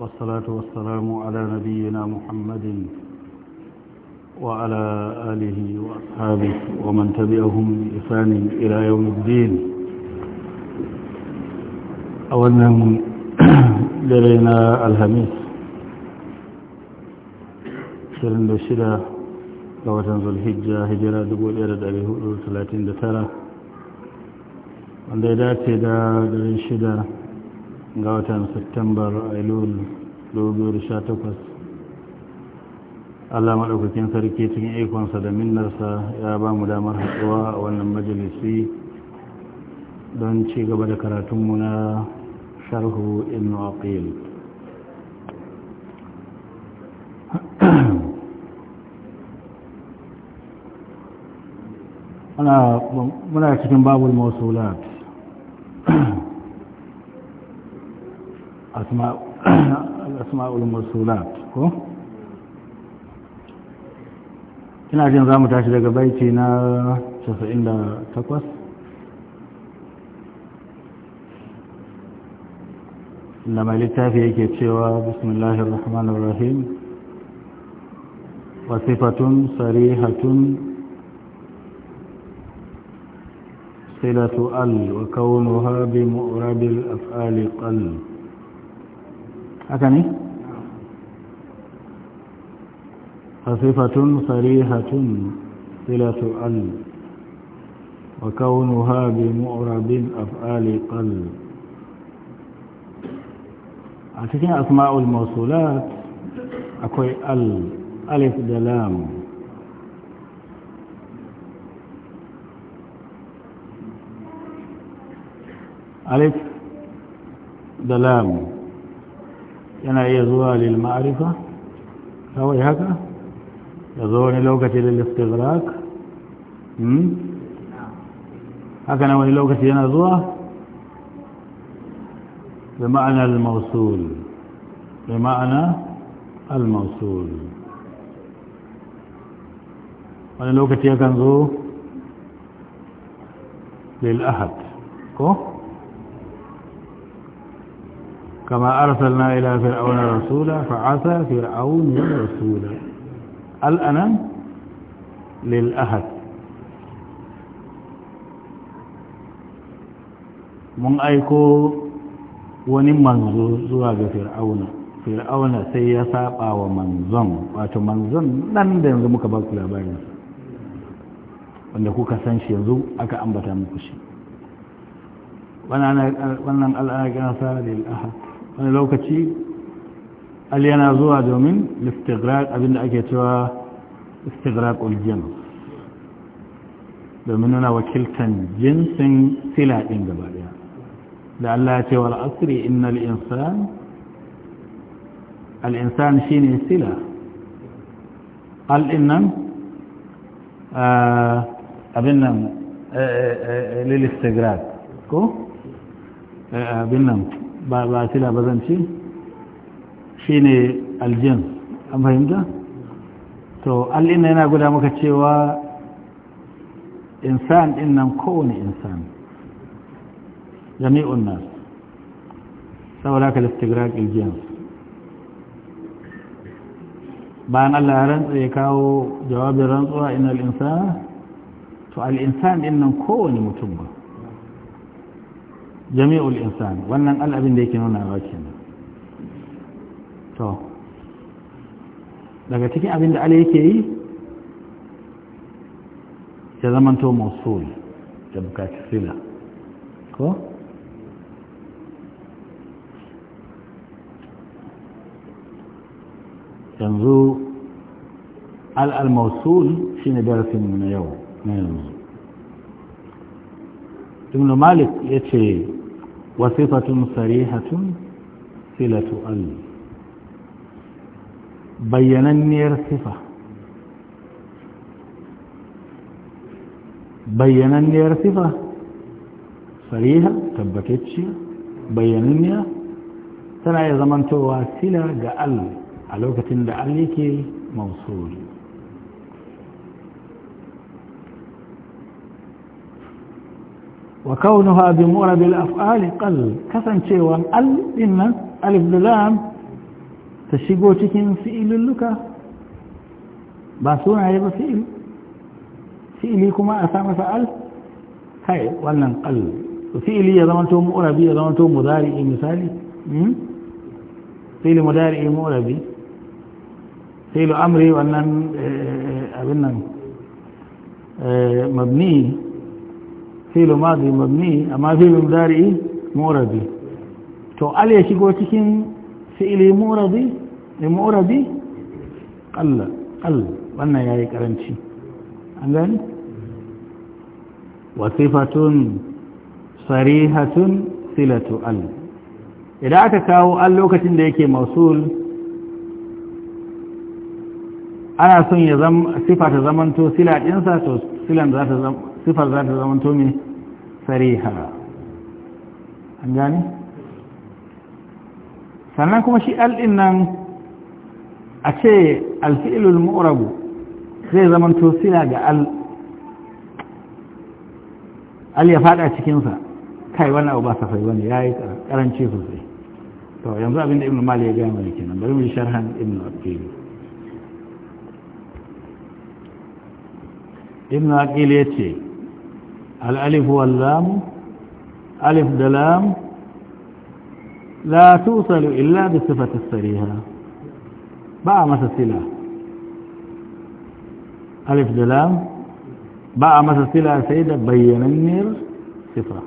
والصلاة والسلام على نبينا محمد وعلى آله وأصحابه ومن تبعهم بإحسان إلى يوم الدين أولا درينا الهميس شرن الشدة وتنز الحجة هجرة دبول إرد أبيه 39 wanda ya dace da daren shida ga watan september ailul 2018 allah maɗaukakin sarki cikin ikonsa da minnarsa ya ba mu damar haɗuwa a wannan majalisi don ci gaba da karatunmu na sharhu ibn aqil muna cikin babul mausulat asma'ul mursulat ko ina jin za mu tashi daga baiti na 98 da mai littafi yake cewa bismillahir rahmanir rahim wasifatun sarihatun صلة أل وكونها بمؤرب الأفعال قل haka ne hasifatun sarihatun silatu al wa kaunuha bi mu'rabin af'ali qal a cikin asma'ul mausulat akwai al alif da lam alif da lam yana iya zuwa lil ma'arifa kawai haka ya zo wani lokaci lil istighraq haka na wani lokaci yana zuwa بمعنى الموصول بمعنى الموصول wani lokaci yakan zo lil ahad ko كما أرسلنا إلى فرعون رسولا فعسى فرعون رسولا الأنم للأهد من أيكو wani manzo zuwa ga fir'auna fir'auna sai ya saɓa wa manzon wato manzon nan da yanzu muka ba ku labarin wanda kuka san shi yanzu aka ambata muku shi wannan al'ana gina sa lil ahad wani lokaci al yana zuwa domin listigraq abinda ake cewa istigraq uljins domin nuna wakiltan jinsin sila ɗin gaba ɗaya da Allah ya ce wa asri innal al'insan al'insan shi ne sila al'innan innan abin nan lil ko abin nan ba ba sila ba zan ce shine aljin an fahimta to al'ina yana guda maka cewa insan din nan kowane insan jami'un nas saboda ka listigraq aljin bayan Allah ya rantsa ya kawo jawabin rantsuwa inal insana to al'insan din nan kowane mutum ba jami'ul insani wannan al'abin da yake nuna wa kenan to daga cikin abin da ala yake yi ya zamanto mosul da bukaci sila ko yanzu al'al mosul shi ne na yau na yanzu ابن مالك يتي وصفة صريحة صلة أل بيّنني الصفة بيّنني الصفة صريحة تبكتش بيّنني تنعي زمن توا سلة قال علوكة لعليك موصول موصول وكونها بمؤرب الأفعال قل كسن شيوا ال إن ألف دلام تشيقو تكين فئل لك باسون عيب فئل فئليكما أسامة فأل هاي ولن قل فئلي يضمنتم مؤربي يضمنتم مدارئي مثالي فئل مدارئي مؤربي فئل أمري ولن أبنن مبني fi'il madi mabni amma fi'il mudari muradi to al ya shigo cikin fi'il muradi eh, muradi qalla qall wannan yayi karanci an gan wa sifatun sarihatun silatu al idan aka kawo al lokacin da yake mausul ana son ya zama sifa ta zamanto sila ɗinsa to silan za ta sifar za ta zamanto mai sariha an gani sannan kuma shi al'in nan a ce alfi'ilul mu'rabu zai zama tosila ga al al ya fada cikinsa kai wani abu ba safai wani ya yi karanci sosai to yanzu abinda ibn mali ya gaya mai kenan bari mu yi sharhan ibn aqil ibn aqil ya ce الألف واللام ألف دلام لا توصل إلا بصفة السريهة باء مسلسلة ألف دلام باء مسلسلة سيدة بين النير صفة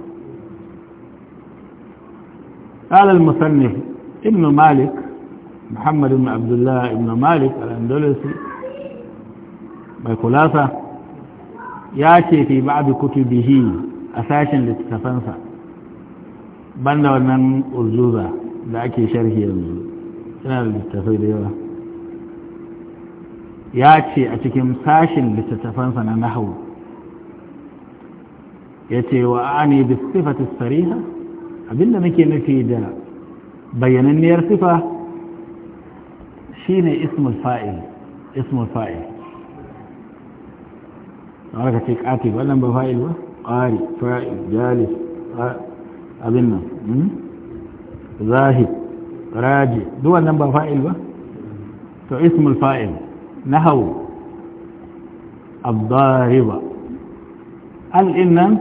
قال المصنف ابن مالك محمد بن عبد الله ابن مالك الأندلسي بخلاصة ya ce fi ba'adu kutubihi a sashen littattafansa banda wannan urzuza da ake sharhi yanzu yana da littattafai da yawa ya ce a cikin sashen littattafansa na nahawu ya ce wa ani bi sifati sariha abinda nake nufi da bayyananniyar sifa shine ismul fa'il ismul fa'il aka ce katib wannan ba fa'il ba ƙari fa'il jalis abin nan hmm? zahid raji duk wannan ba fa'il ba to ismul fa'il nahawu abdariba al'in nan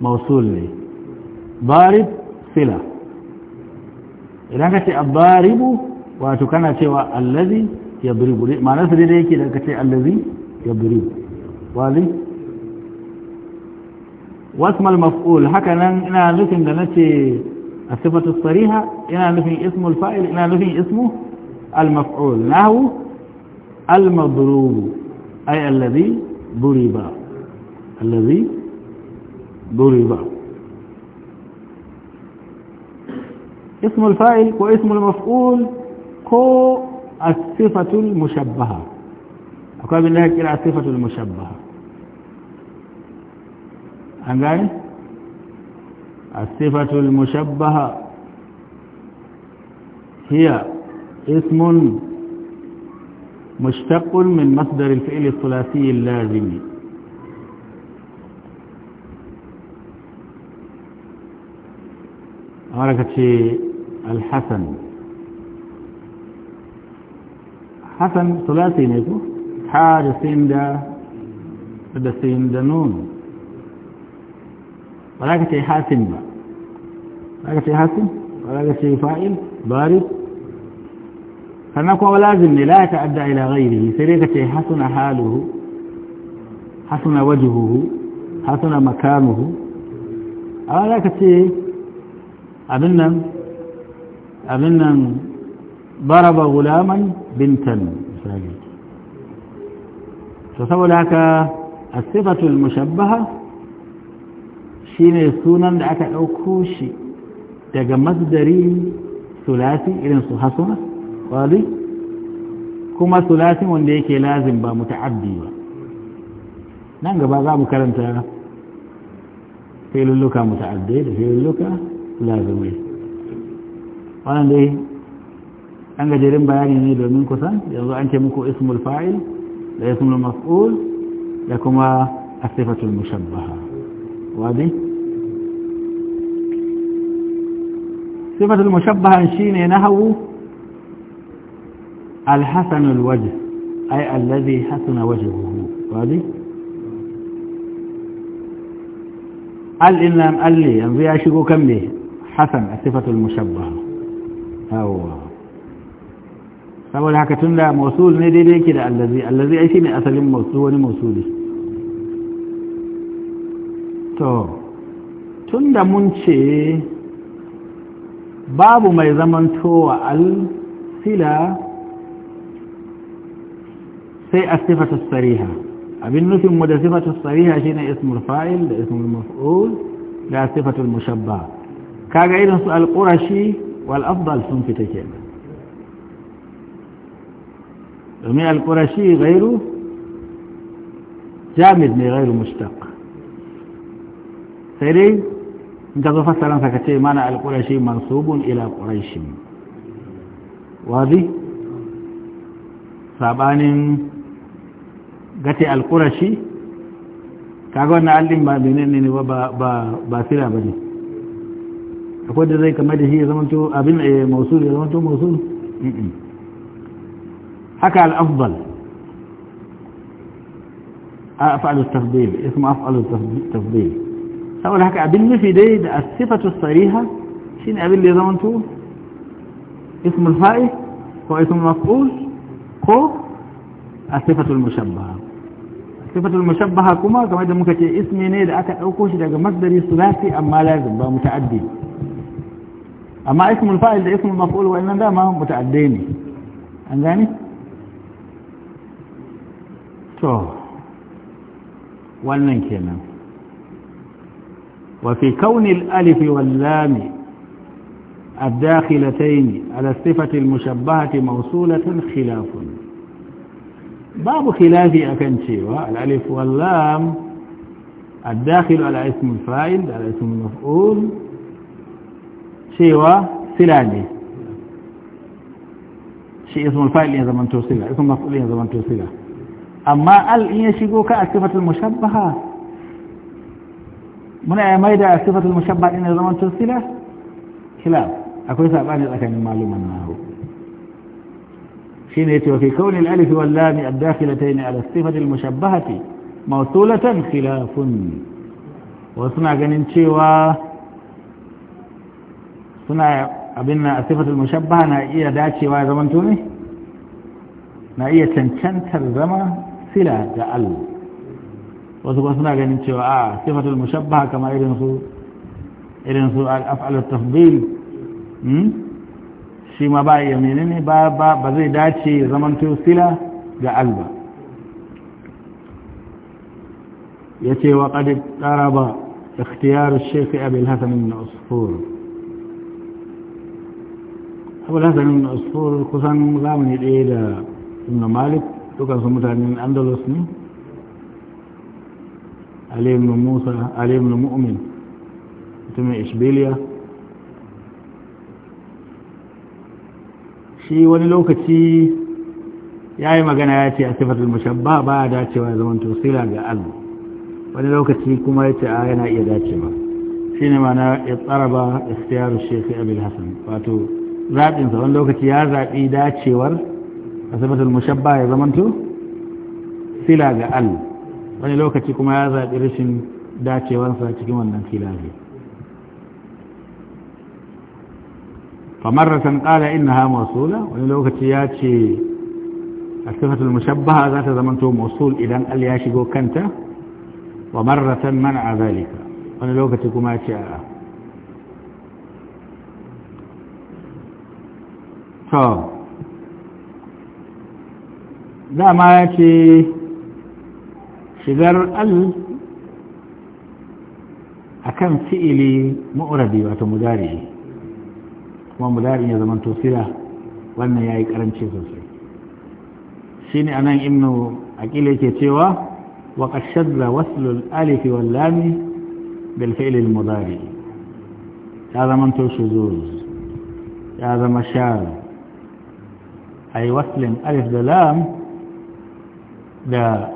mausul ne barib sila idan ka ce abdaribu wato kana cewa allazi ya biribu ma'anarsa daidai yake da ka ce allazi ya biribu wali wasmal maf'ul haka nan ina nufin da nace a sifatu sariha ina nufin ismul fa'il ina nufin ismu al maf'ul nahwu al madrub ay alladhi duriba alladhi duriba اسم الفاعل واسم المفعول كو الصفة المشبهة akwai abin da ya kira sifatul mushabbaha an الصفة المشبهة هي اسم مشتق من مصدر الفعل الثلاثي اللازم حركة الحسن حسن ثلاثي نيكو حال سين دا دا سين دا نون ولكن تي حاسم با ولكن تي حاسم ولكن تي فائل بارد فنكو ولازم لا يتعدى إلى غيره سريك تي حسن حاله حسن وجهه حسن مكانه ولكن تي أبنن أبنن ضرب غلاما بنتا مثلا to saboda haka asifatul mushabbaha shine sunan da aka ɗauko shi daga masdari sulasi irin su hasuna ƙwari kuma sulasin wanda yake lazim ba muta'addi ba nan gaba za mu karanta filulluka muta'addi da filulluka lazimai wannan dai an gajeren bayani ne domin kusan yanzu an ce muku ismul fa'il لا يكون المفعول لكما الصفة المشبهة وهذه صفة المشبهة شين نهو الحسن الوجه أي الذي حسن وجهه وهذه قال إن لم قال لي أنبياء شكو كم لي حسن الصفة المشبهة هو saboda haka tun da mausul ne daidai yake da allazi allazi ai shi ne asalin mausul wani mausuli to tun da mun ce babu mai zamantowa al-sila sai a sifata sariha abin nufin mu da sifata sariha shi ne ismul fa'il da ismul maf'ul da sifatul mushabba kaga irin su al-qurashi wal afdal sun fita kenan domin alƙurashi gairu jamid ne gairu mustaq sai dai in ka zo fassaransa ka ce mana alƙurashi mansubun ila ƙurashi wazi saɓanin gate alƙurashi kaga wannan allin ba menene ne ba ba sira ba ne akwai da zai kama da shi ya zamanto abin mausul ya zamanto mausul حكى الأفضل أفعل التفضيل اسم أفعل التفضيل سأقول حكى أبن في دي الصفة الصريحة شين أبن لي زمنتو اسم هو واسم المفعول هو الصفة المشبهة الصفة المشبهة كما كما إذا ممكن اسمي نيد أكا أوكوش ده مصدري ثلاثي أما لازم بقى متعدي أما اسم الفائل ده اسم المفعول وإن ده ما متعديني أنزاني to wannan kenan وفي كون الألف واللام الداخلتين على الصفة المشبهة موصولة خلاف باب خلاف شيوا الألف واللام الداخل على اسم الفاعل على اسم المفعول شيوا سلاني شي اسم الفاعل إذا من توصله اسم المفعول إذا من توصله اما ال ان يشغو كا المشبهه من اي ميدة صفه المشبهه ان زمان ترسله خلاف اكو سباني لكن معلومة انه حين يتي في كون الالف واللام الداخلتين على الصفه المشبهه موصوله خلاف وصنع غنين تشوا صنع ابن صفه المشبهه نا اي داتشي وا زمان توني na iya cancantar zama صلة تأل وسبسنا كان انتوا آه صفة المشبهة كما إرنسوا إرنسوا أفعل التفضيل شي ما باي يمينيني با با بزي داتشي زمن تيو صلة تأل يتي وقد اقترب اختيار الشيخ أبي الهثم من أصفور أبي الهثم من أصفور قصان غامني إيدا ابن مالك su mutanen andalus ne alim musa alim mu'min mutumin ishbiliya shi wani lokaci ya yi magana ya ce a sifatar mashabba ba a dacewa zaman tosila ga allah wani lokaci kuma ya ce a yana iya dacewa shi ne mana ya tsara ba istiyar shekhi abil hassan wato zaɓinsa wani lokaci ya zaɓi dacewar asibatul mushabba ya zamanto sila ga al wani lokaci kuma ya zaɓi rashin dacewarsa cikin wannan filafi famarratan ƙala innaha masula wani lokaci ya ce asibatul mushabba za ta zamanto masul idan al ya shigo kanta wa marratan mana zalika wani lokaci kuma ya ce a'a to dama ya ce shigar al a kan fi'ili ma'urabi wata mudari kuma mudari ya zama tosira wannan ya yi karanci sosai shi ne a nan imnu aƙila ke cewa wa da wasu alifi wallami bil fi'ilil mudari ya zama toshe zuwa ya zama sha'ar a yi wasu alif da lam da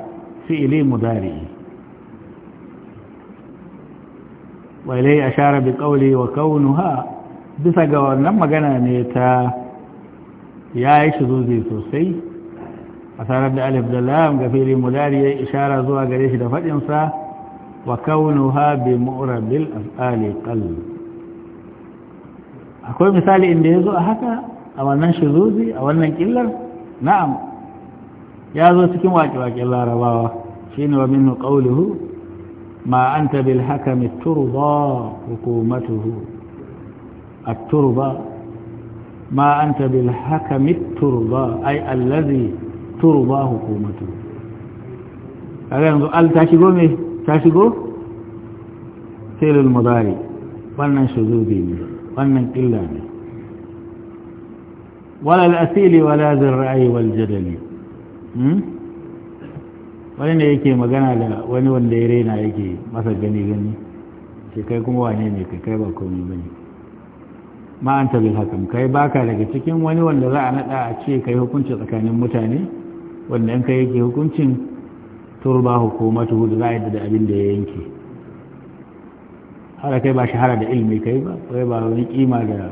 fi'ili mudari wa ilai ashara bi qawli wa kaunuha bisa ga wannan magana ne ta ya yi yayi shuzuzi sosai a tsarar da alif da lam ga fi'ili yi ishara zuwa gare shi da faɗinsa wa kaunu ha bi mu'rabil al'ali kallu akwai misali inda ya zo a haka a wannan shuzuzi a wannan killar na'am ya zo cikin waƙe-waƙen larabawa shi ne wa minhu ƙauluhu ma an tabil haka mai turba hukumatuhu a turba ma an tabil haka mai turba ai allazi turba hukumatuhu a yanzu al ta shigo mai ta shigo filin mudari wannan shuzubi ne wannan ƙilla ne wala al'asili wala zirra'i wal jadali Hmm? wani ne yake magana da wani wanda ya raina yake masa gani gani ce kai kuma wane ne kai kai ba komai ba ne ta bil hakan kai baka daga cikin wani wanda za a naɗa a ce kai hukunci tsakanin mutane wanda in kai yake hukuncin turba hukumatu hudu za a yadda da abin da ya yanke har kai ba shahara da ilimi kai ba kai ba wani kima da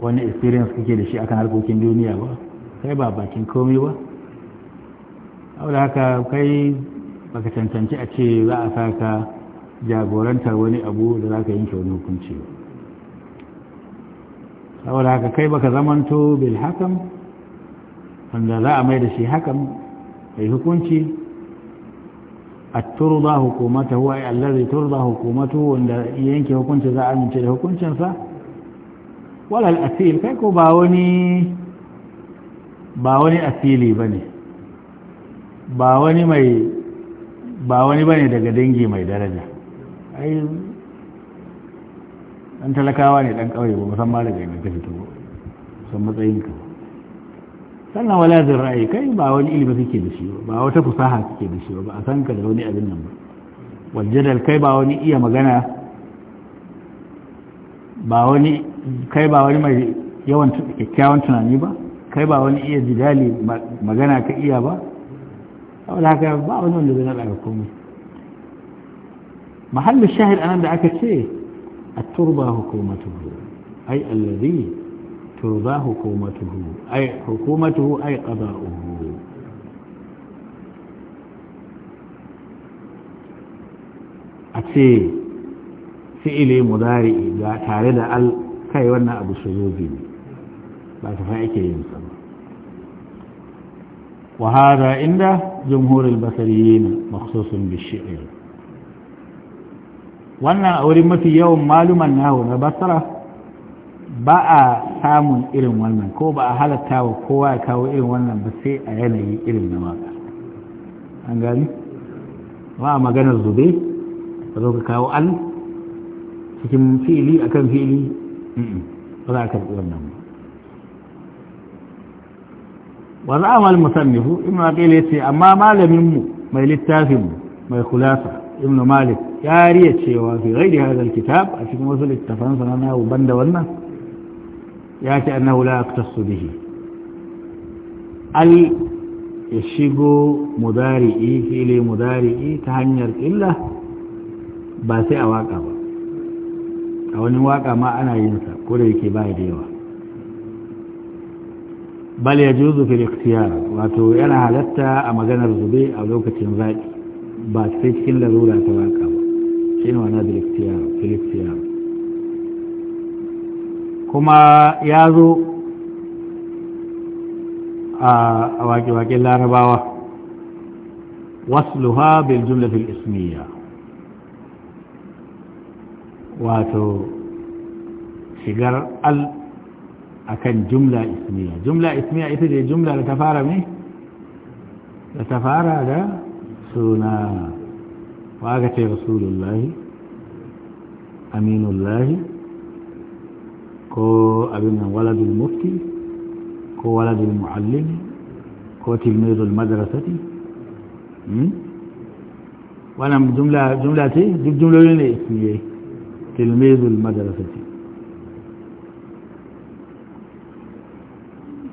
wani experience kake da shi akan harkokin duniya ba kai ba bakin komai ba da haka kai baka tantance a ce za a sa ka jagorantar wani abu da za ka yanke wani hukunci saboda haka kai baka zamanto bil hakan wanda za a mai da shi hakan mai hukunci a turba hukumata huwa ya allazi turba hukumatu wanda yanke hukunci za a amince da hukuncinsa walal asil kai ko ba wani ba wani asili ba ne ba wani ba ne bane daga dangi mai daraja ai talakawa ne dan kauye ba musamman daga yankin ta fito san matsayin ka sannan wala zai ra'ayi kai ba wani ilimi kake da shi ba ba wata fusaha kake da shi ba ba a san ka da wani abin nan ba wal kai ba wani iya magana ba wani kai ba wani mai yawan kyakkyawan tunani ba kai ba wani iya jidali magana ka iya ba wala ka ba wani wanda zai naɗa ga komai mahallin shahid anan da aka ce a turba hukumatuhu ai allazi turba hukumatuhu ai hukumatuhu ai qada'uhu a ce fi'ili mudari ga tare da al kai wannan abu shuzubi ne ba ta fa yake yin sa وهذا عند جمهور البصريين مخصوص بالشعر wannan a wurin mafi yawan maluman nahu na basara ba a samun irin wannan ko ba a halatta wa kowa ya kawo irin wannan ba sai a yanayi irin na waka an gani ba a maganar zube ka zo ka kawo al cikin fili akan fili ba za a karɓi wannan wa za'amal musannifu ibn aqil yace amma malamin mai littafinmu mai kulasa ibn malik ya riya cewa fi ghairi hadha kitab a cikin wasu littafan sa na da wannan ya ce annahu la yaqtasu bihi al ya shigo mudari'i fili mudari'i ta hanyar illa ba sai a waka ba a wani waka ma ana yin sa ko da yake ba da yawa بل يجوز في الاختيار واتو انا حالتا اما جانا الزبي او لوكا تنزاج بات في تكين لذولا تواكا شنو انا دي الاختيار في الاختيار كما يازو آه، اواكي واكي لا رباوة وصلها بالجملة الاسمية واتو شجر ال akan jumla ismiya jumla ismiya ita ce jumla da ta fara ne da ta fara da suna wa aka ce rasulullahi aminullahi ko abin nan waladul mufti ko waladul muallimi ko tilmizul madrasati wannan jumla ce duk jumla ne ismiyai tilmizul madrasati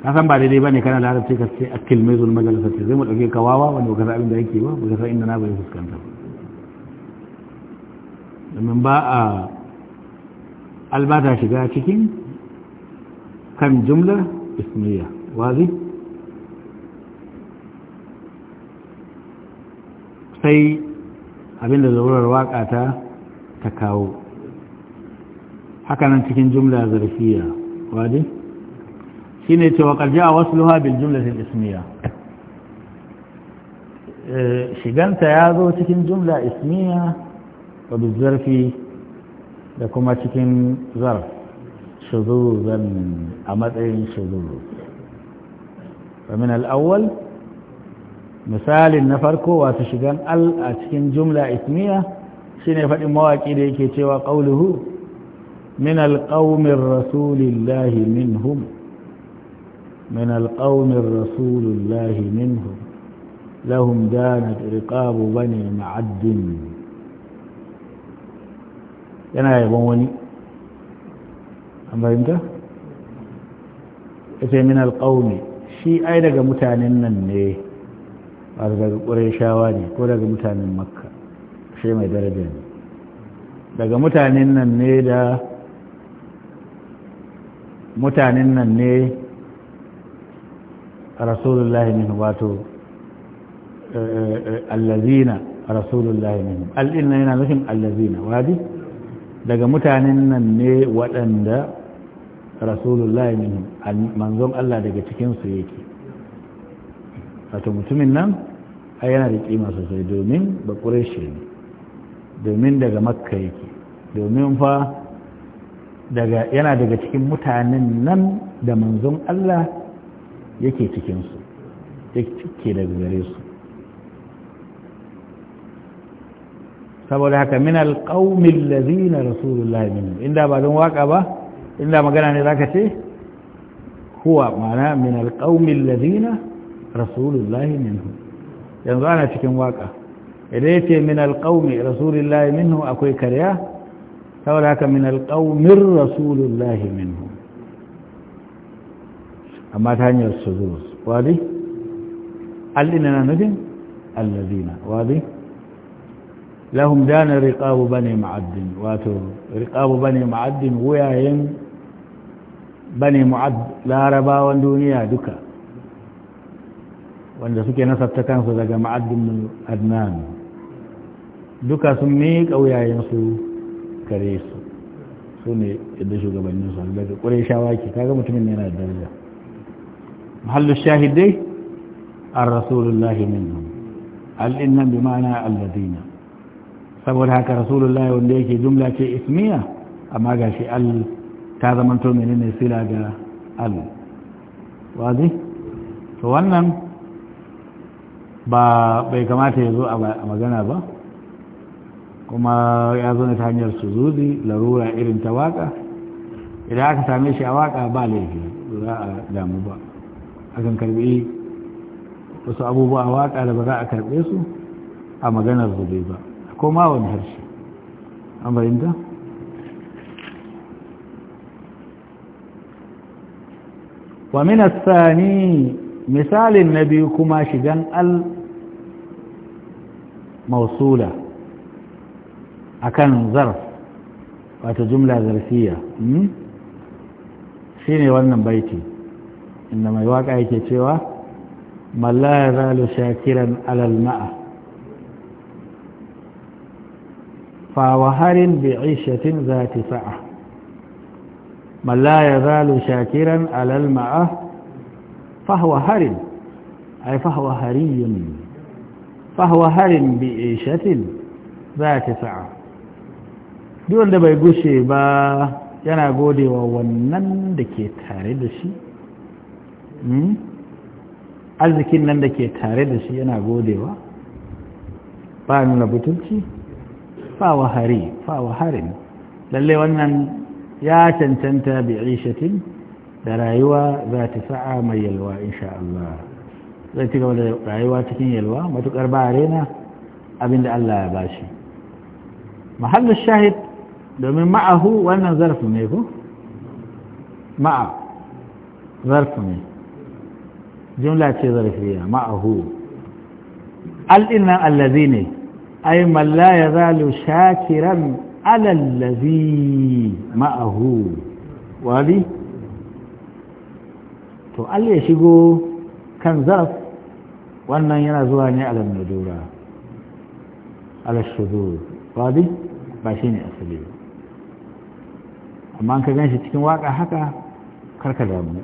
ka san ba daidai bane kana larabci ka ce a mai zulma jalasa ce zai mu dauke kawawa wawa wanda ba ka san abin da yake ba ba ka san inda na bai fuskanta domin ba a albata shiga cikin kan jumla ismiya wazi sai abinda zaurar waka ta ta kawo hakanan cikin jumla zarfiya wazi shine cewa karja wasluha bil jumlati al ismiya shiganta ya zo cikin jumla ismiya wa bil zarfi da kuma cikin zarf shuzuzan a matsayin shuzuz فمن الأول مثال النفرق واتشغان ال اتكن جملة اسمية شنو فدي مواقي da yake cewa قوله من القوم الرسول الله منهم من القوم الرسول الله منهم لهم دانت رقاب بني معد yana yabon wani an fahimta? ita min alƙauni shi ai daga mutanen nan ne ba daga ƙureshawa ne ko daga mutanen makka shi mai daraja ne daga mutanen nan ne da mutanen nan ne rasulullahi minhum wato eh, eh, eh, allazina rasulullahi al'inna yana nufin allazina wadi daga mutanen nan ne waɗanda rasulullahi minhum manzon Allah daga cikinsu yake wato mutumin nan a yana da kima sosai domin ba ƙureshe ne domin daga makka yake domin fa yana daga cikin mutanen nan da manzon Allah yake cikinsu yake daga gare su saboda haka min alƙaumin lazina rasulullahi min inda ba don waka ba inda magana ne zaka ce huwa mana min alƙaumin lazina rasulullahi minhu yanzu ana cikin waka idan ya ce min alƙaumi rasulullahi minhu akwai karya saboda haka min alƙaumin rasulullahi minhu amma ta hanyar su zuwa wadi allina na nufin allazina wadi lahum dana riqabu bane mu'addin wato riqabu bane ma'addin wuyayen bane mu'ad larabawan duniya duka wanda suke nasarta kansu daga ma'addin adnan duka sun miƙa su kare su su ne yadda su daga ƙure shawaki kaga mutumin yana da daraja محل الشاهد دي الرسول الله منهم الإنم بمعنى الذين سبول هكا رسول الله وانديك جملة اسمية أما قال شيء ال كذا من تؤمن إن سلا ال واضح فوانا ba bai kamata ya zo a magana ba kuma ya zo ta hanyar suzuzi larura irin ta waka idan aka same shi a waka ba laifi za a damu ba akan karbe wasu abubuwa waƙa da ba za a karbe su a maganar zube ba ko ma wani harshe an bayyanta wa min misalin na biyu kuma shigan al mausula akan zarf wato jumla zarfiya hmm? shine wannan baiti inda mai waka yake cewa mallaya ya zalu shakiran alal ma'a fa waharin bi ishatin za ta sa'a mallaya ya zalu shakiran alal ma'a fa waharin ai fa wahariyun fa bi ishatin za ta sa'a duk wanda bai gushe ba yana godewa wannan da ke tare da shi Hmm? arzikin nan da ke tare da shi yana godewa ba nuna butulci fa wahari fa waharin lalle wannan ya cancanta bi aishatin da rayuwa za ta sa'a mai yalwa insha Allah zai ci gaba da rayuwa cikin yalwa matukar ba rena abinda Allah ya bashi mahallin shahid domin ma'ahu wannan zarfi ne ko ma'a zarfi ne jumla ce zarfiya ma'ahu al'innan allazi ne ai malla ya zalu shakiran alallazi ma'ahu wali to al ya shigo kan zarf wannan yana zuwa ne alal nudura alal shudur wali ba shi ne asali amma ka gan shi cikin waka haka karka damu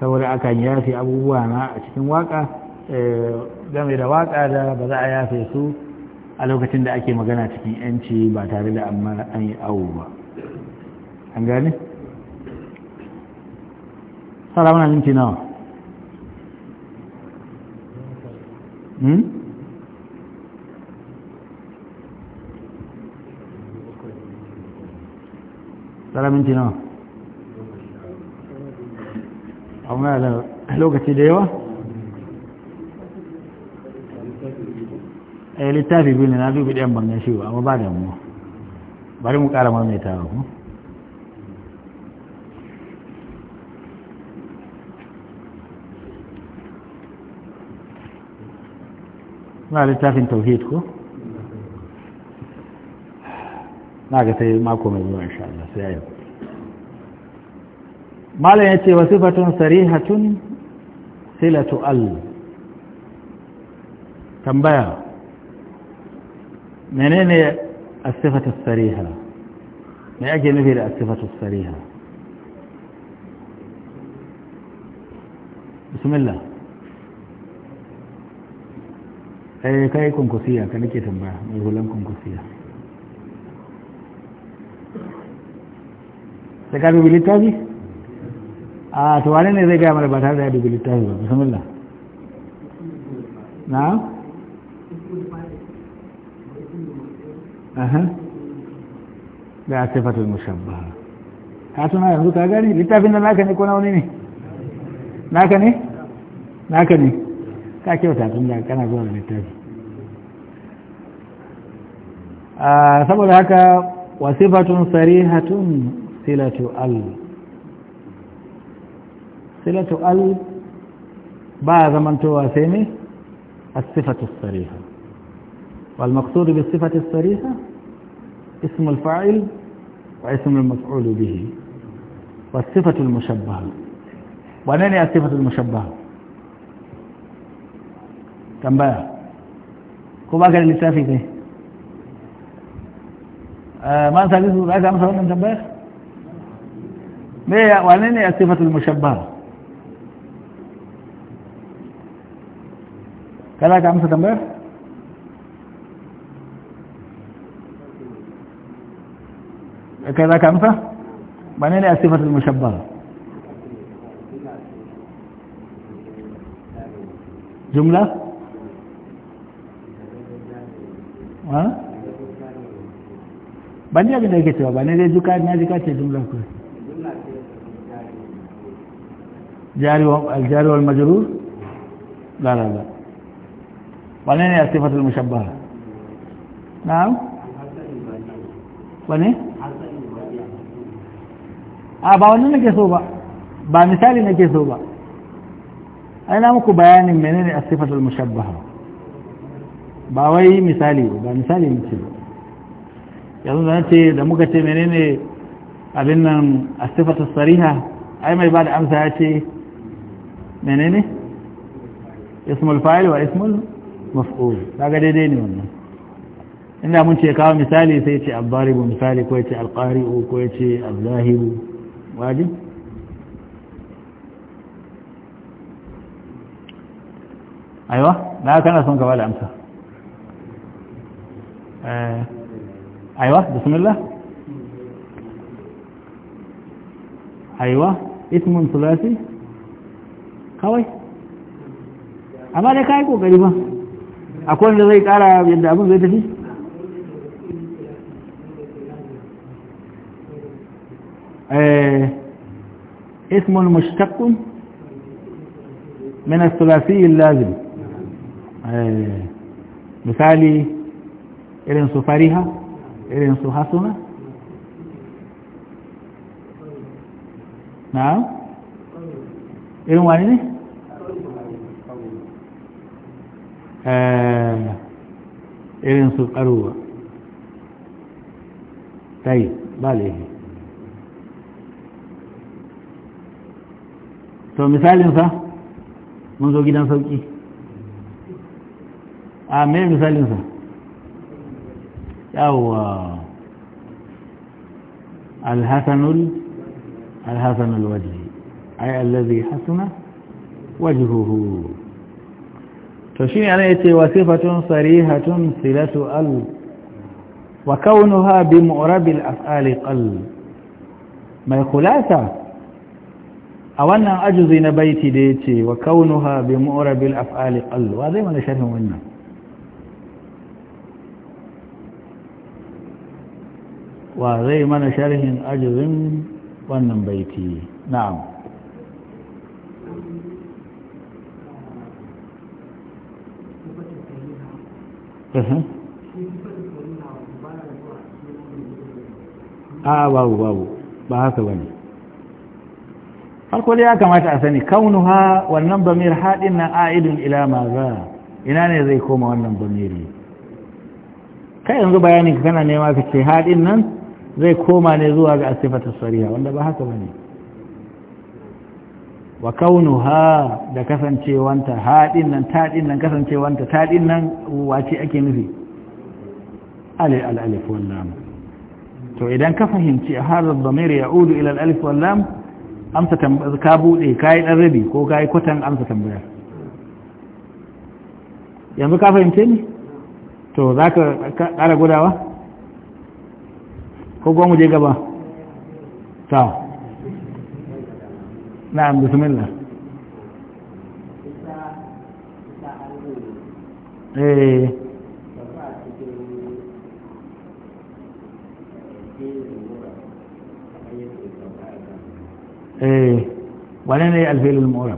saboda aka yafe abubuwa na a cikin waka eh, game da waka da ba za a yafe su a lokacin da ake magana cikin yanci ba tare da amma an yi awo ba an gane? sara wani minti nawa hmm? sara minti nawa amma lokaci da yawa a eh, yi littafi biyu ne na dubi ɗayan bangan shi ba amma ba da mu bari mu ƙara ku na littafin tauhid ko na ga sai mako mai zuwa insha sai ya yi malam ya ce wasu fatun sarihatun silatu al tambaya menene asifatu sariha me ake nufi da asifatu sariha bismillah kai kai kunkusiya ka nake tambaya mai hulan kunkusiya da ka bibi littafi a to wane ne zai gaya mara ba tare da ya dubi littafi ba bismillah na da a sifatul mushabba ka tuna yanzu ka gani littafin da naka ne ko na wani ne naka ne naka ne ka kyauta tun da kana zuwa da littafi saboda haka wasifatun sarihatun silatu Allah صلة ال بعد من تواسمه الصفة الصريحة والمقصود بالصفة الصريحة اسم الفاعل واسم المفعول به والصفة المشبهة ونين الصفة المشبهة كم تنبيه كما كان للتافي به آه، ما انت عايز عايز اعمل كم بقى ونين الصفة المشبهة kana ka amsa tambayar kai za ka amsa mane ne a sifatul mushabbar jumla ban ji abin da yake cewa ba ne dai juka na jika ce jumla ku jari wal majrur la la wane ne a sifatul mushabbaha na'am wane a ba wannan nake so ba ba misali nake so ba aina muku bayanin menene a sifatul mushabbaha ba wai misali ba misali nake yanzu da nace da muka ce menene abin nan a sifatul sariha ai mai ba da amsa ya ce menene ismul fa'il wa ismul maf'ul kaga daidai ne wannan inda mun ce kawo misali sai ce abbaribu misali ko yace alqari'u ko yace azahiru waji aiwa na kana son ka bada amsa eh aiwa bismillah aiwa ismun thulathi kawai amma dai kai kokari ba akwai wanda zai kara yadda abin zai tafi اسم مشتق من الثلاثي اللازم مثالي إرن صفاريها إرن صحاسنا نعم إرن وانيني إرين صد قروة طيب باليه تو مثال انسا منذ وقيدا سوكي آه مثال انسا يو الحسن ال... الحسن الوجه أي الذي حسن وجهه to shi ne ana ya ce wasifatun sarihatun silatu al wa kaunuha bi mu'rabil af'ali qal mai kulasa a wannan ajuzi na baiti da ya ce wa kaunuha bi mu'rabil af'ali qal wa zai mana sharhin wannan wa zai mana sharhin ajuzin wannan baiti na'am Mhm. a ah, babu babu ba haka bane farko da ya kamata a sani kaunuha wannan bamir haɗin nan a'idun ila ma za ina ne zai koma wannan bamiri kai yanzu bayanin kana nema ka ce haɗin nan zai koma ne zuwa ga asifatar sariya wanda ba haka bane wa kaunuha da kasancewanta haɗin nan taɗin nan kasancewanta taɗin nan wace ake nufi alif wallam to idan ka fahimci harar damir ya udu ilal alif wallam amsa tambaya ka buɗe ka yi ɗan rabi ko ka yi kwatan amsa tambaya yanzu ka fahimce ni to za ka ƙara gudawa ko gwamuje gaba ta نعم بسم الله ايه ايه وبعدين ايه الفيل المؤلم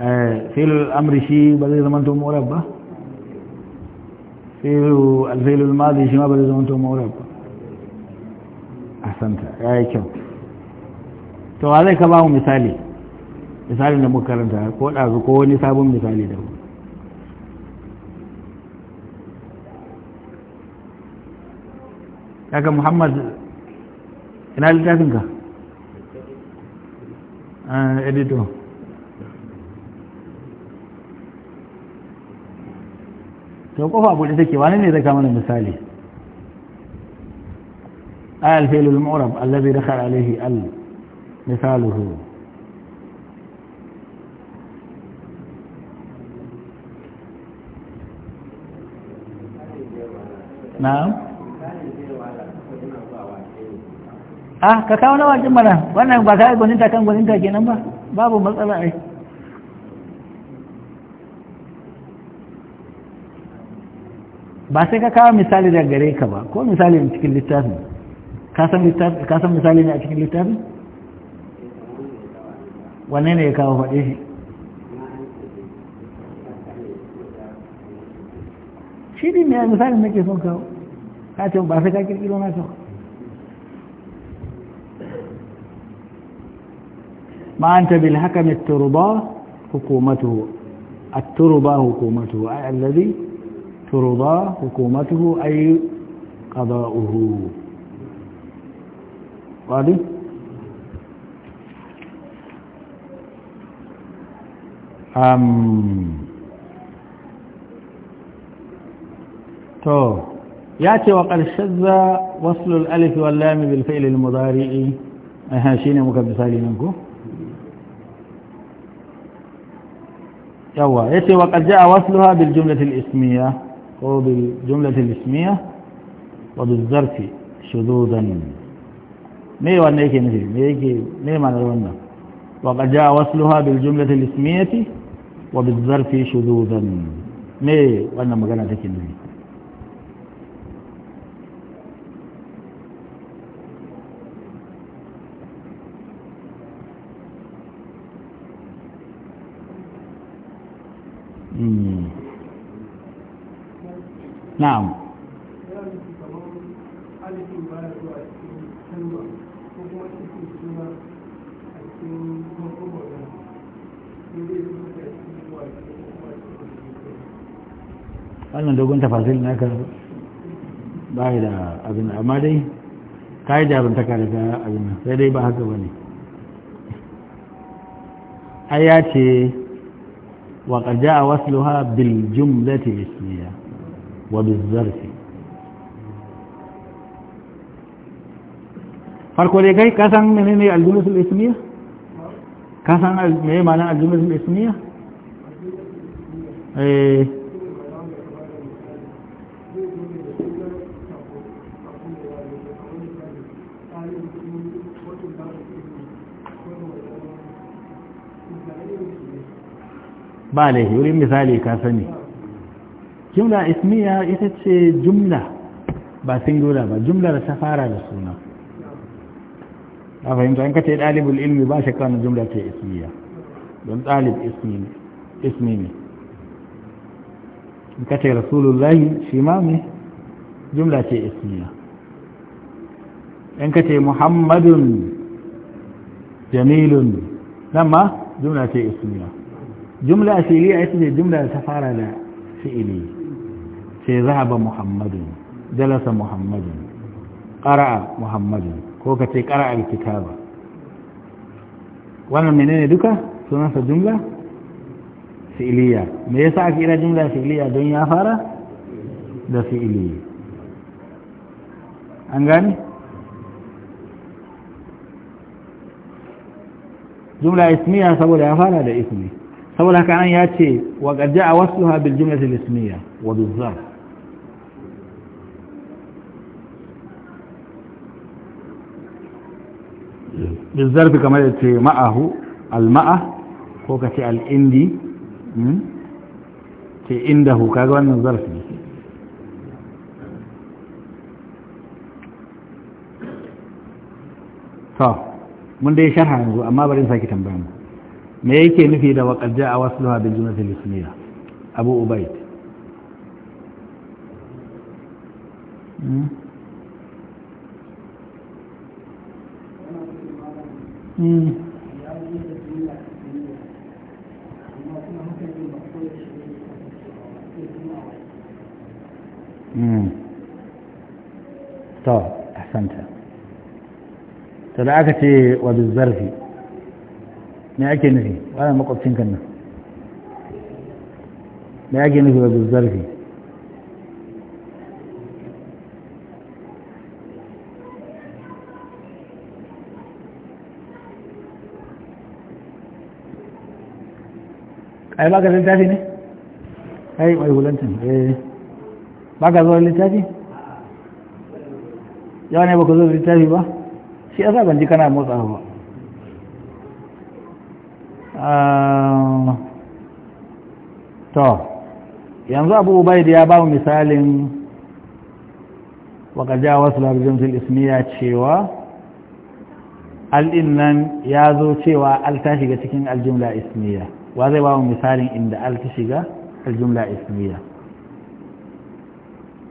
ايه فيل الامر شيء بدل زمانته مؤلم بقى فيل الفيل الماضي شيء ما بدل زمانته مؤلم احسنت ايه كم to wa zai ka ba mu misali misalin da muka karanta ko ɗazu ko wani sabon misali da kaga muhammad ina littafinka ah, edito, to kofa buɗe take wani ne zaka mana misali ayal fi'l al-mu'rab alladhi dakhala alayhi al مثاله na'am ah ka kawo na wakin mana wannan ba ka gwaninta kan gwaninta nan ba babu matsala ai ba sai ka kawo misali daga gare ka ba ko misali cikin littafin ka san misali ne a cikin littafin wanne ne ya kawo faɗe shi shi ne mai misalin nake son kawo ka ce ba sai ka kirkiro na kawo ما أنت بالحكم التربى حكومته التربى حكومته أي الذي ترضى حكومته أي قضاؤه واضح ام تو ياتي وقد الشذ وصل الالف واللام بالفعل المضارع ها شيني مكبسالي منكو يوا ياتي وقد جاء وصلها بالجملة الاسمية او بالجملة الاسمية وبالظرف شذوذا مي وانا ايكي نزيل مي ايكي مي وقد جاء وصلها بالجملة الاسمية wa bizarfi shuzuzan me wannan magana take nufi نعم wannan dogon tafasil na ka ba da abin amma dai ka yi jarumtaka da ta abin sai dai ba haka ba ne a ya ce wa ƙarja a wasu luha bil jumlati ismiya wa bizzarfi farko dai kai ka san menene aljumlatul ismiya ka san me ma'anar aljumlatul ismiya eh ba laifi wurin misali ka sani jumla ismiya ita ce jumla ba singula ba jumlar ta fara da suna a fahimta an kace dalibul ilmi ba shakka na jumla ce ismiya don dalib ismi ne in kace rasulullahi shi ma ne jumla ce ismiya in kace muhammadun jamilun nan ma jumla ce ismiya jumla fi'liya ita ce jumla da ta fara da fi'ili sai zahaba muhammadun jalasa muhammadun qara'a muhammadun ko ka ce qara'a alkitaba wannan menene duka sunansa jumla fi'liya me yasa aka kira jumla fi'liya don ya fara da fi'ili an gane jumla ismiya saboda ya fara da ismi saboda haka nan ya ce wa ƙarja a wasu ha bil jumla ismiya wa bizzar bizzar fi kamar da ce ma'ahu al-ma'a ko ka ce al-indi hmm? ce indahu kaga wannan zarfi ne to mun dai sharha yanzu amma bari in saki tambaya mu me yake nufi da waƙar ja'a wasluha bil jumlatil ismiya abu ubaid to ahsanta to da aka ce wa bizarfi me ake nufi wani makwabcin kan nan me ake nufi ba zarfi ai ba ka littafi ne ai mai hulantin eh. ba ka zuwa littafi yawa ne ba ka zuwa littafi ba shi ya sa ban ji kana motsawa ba Ehm, to yanzu abu da ya ba mu misalin waka ja wasu labirintun ismiya cewa al'in nan ya zo cewa al ta shiga cikin aljumla ismiya wa zai ba mu misalin inda al ta shiga aljumla ismiya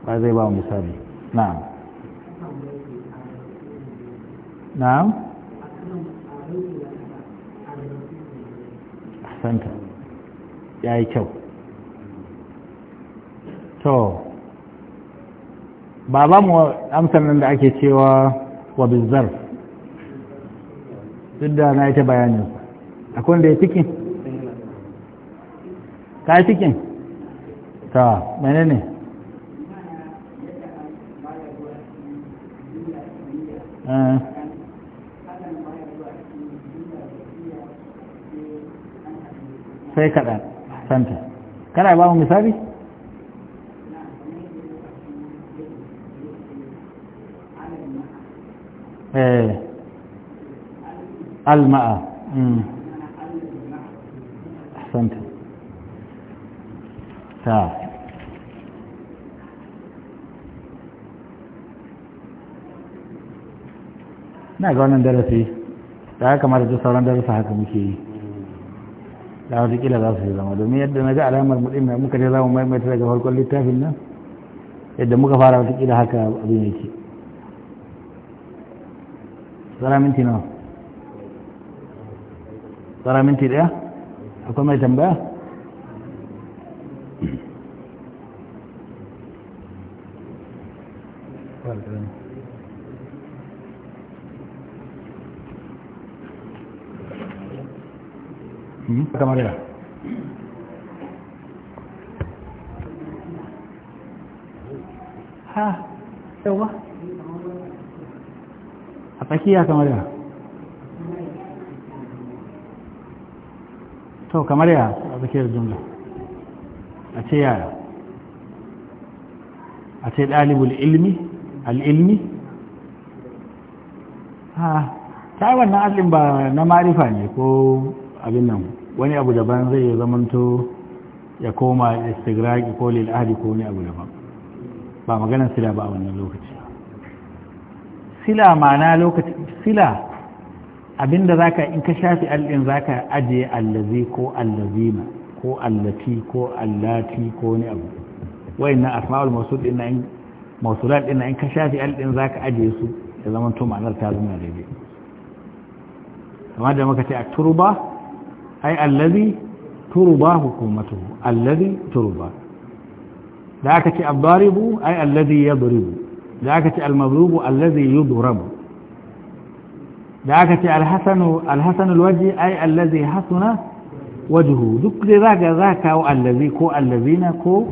wa zai ba mu misali na'am na'am santa ya yi kyau to ba ba mu amsar nan da ake cewa wa bizar duk da na yi ta bayanin akwai da ya cikin ka yi cikin ta mene ne Uh... sai kaɗan santa kana ba mu misali eh alma'a mm. santa ta na ga wannan darasi da ya kamata da sauran darasa haka muke yi da watakila za su yi zama domin yadda na ga alamar mutum mai muka je za mu maimaita daga farkon littafin nan yadda muka fara watakila haka abin yake tsara minti nawa tsara minti daya akwai mai tambaya kamar ya ha yawa a tsakiya kamar ya to kamar ya a tsakiyar jumla a ce a ce ilmi al'ilmi ha ta yi wannan asalin ba na marifa ne ko abin nan wani abu daban zai zamanto ya koma istigraki ko lil'adi ko wani abu daban ba maganar sila ba a wannan lokaci sila mana lokaci sila abinda zaka in ka shafi al'in zaka ajiye allazi ko allazina ko allati ko allati ko wani abu wayannan asma'ul mawsul din nan mawsulat din nan in ka shafi al'in zaka ajiye su ya zama ma'anar ta zama daidai kamar da muka ce a turba ai allazi turba hukumatu allazi turba da aka ce abbaribu ai allazi yadribu da aka ce almabrubu allazi yudrabu da aka ce alhasanu alhasanu alwaji ai allazi hasuna wajhu duk dai zaka za kawo allazi ko allazina ko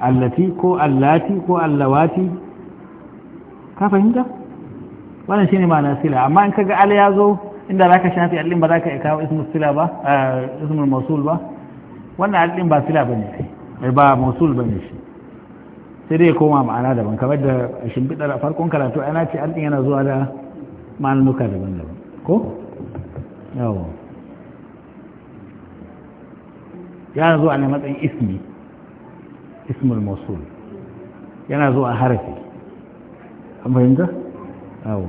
allati ko allati ko allawati ka fahimta wannan shine ma'ana sila amma in kaga al ya zo inda za ka shafi alɗin ba za ka kawo ismul sila ba ismul ba wannan alɗin ba sila ba ne eh, ba masul ba ne shi sai dai koma ma'ana daban kamar da shimfiɗar farkon karatu ana ce alɗin yana zuwa da ma'anuka daban-daban ko? yawo yana zuwa ne matsayin ismi ismul masul yana zuwa harafi an fahimta? yawo